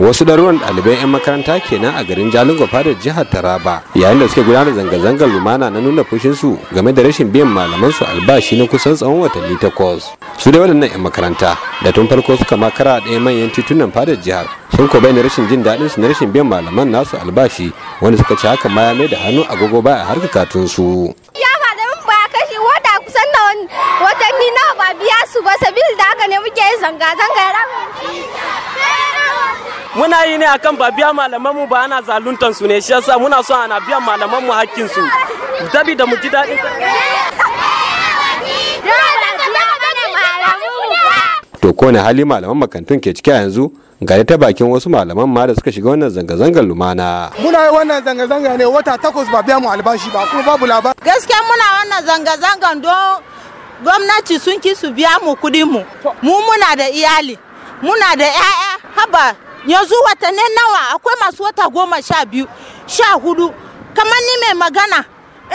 wasu ɗaruwan ɗaliban 'yan makaranta kenan a garin jalingo fadar jihar taraba yayin da suke gudanar zanga-zangar lumana na nuna fushinsu game da rashin biyan malaman su albashi na kusan tsawon watanni takwas su dai waɗannan 'yan makaranta da tun farko suka makara ɗaya manyan titunan fadar jihar sun ko bayyana rashin jin daɗin su na rashin biyan malaman nasu albashi wanda suka ci haka ma ya mai da hannu agogo baya har su. wata kusan na watanni nawa ba biya su ba sabil da haka ne muke zanga-zanga ya muna yi ne akan ba biya malaman mu ba ana zaluntan su ne shi yasa muna so ana biya malaman mu hakkin su da mu ji dadi to ko ne hali malaman makantun ke ciki a yanzu ga ta bakin wasu malaman ma da suka shiga wannan zanga-zangar lumana. Muna yi wannan zanga-zanga ne wata takwas ba biya mu albashi ba kuma babu labar. Gaskiya muna wannan zanga-zangan don gwamnati sun ki su biya mu kudin mu. Mu muna da iyali, muna da 'ya'ya haba yanzu watanni nawa akwai masu wata goma sha biyu sha hudu kamar ni mai magana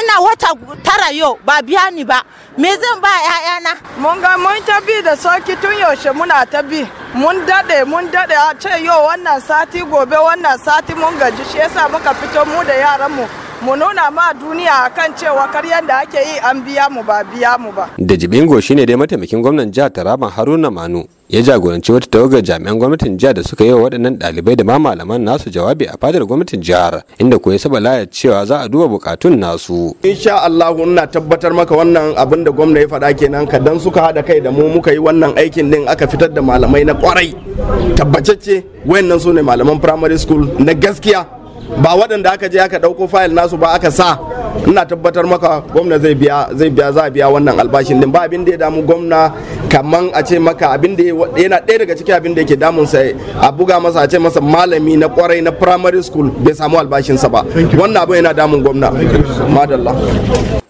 ina wata tara yau ba biya ni ba me zan ba ƴaƴana mun ga mun ta bi da soki tun yaushe muna ta bi mun dade mun dade a ce yau wannan sati gobe wannan sati mun gaji shi yasa muka fito mu da yaran mu mu nuna ma duniya kan cewa karyar da ake yi an biya mu ba biya mu ba. Da Jibingo shine dai mataimakin gwamnan jihar Taraban Haruna Manu ya jagoranci wata tawagar jami'an gwamnatin jihar da suka yi wa waɗannan ɗalibai da ma malaman nasu jawabi a fadar gwamnatin jihar inda kuwa saba laya cewa za a duba bukatun nasu. Insha Allah ina tabbatar maka wannan abin da gwamna ya faɗa kenan ka dan suka haɗa kai da mu muka yi wannan aikin din aka fitar da malamai na kwarai tabbatacce wayannan su ne malaman primary school na gaskiya ba waɗanda aka je aka ɗauko fayil nasu ba aka sa ina tabbatar maka gwamna zai biya zai biya za biya wannan albashin din ba abin da ya damu gwamna kaman a ce maka abin da yana ɗaya daga cikin abin da yake damun sa a buga masa a ce masa malami na kwarai na primary school bai samu albashin sa ba wannan abin yana damun gwamna madalla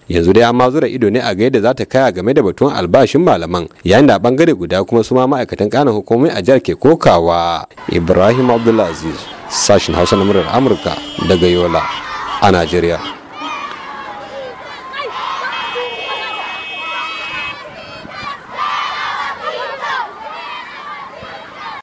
yanzu dai amma zura ido ne a ga yadda za ta kaya game da batun albashin malaman yayin da bangare guda kuma su ma ma'aikatan kanan hukumomi a jihar ke kokawa ibrahim abdulaziz sashin hausa na murar amurka daga yola a najeriya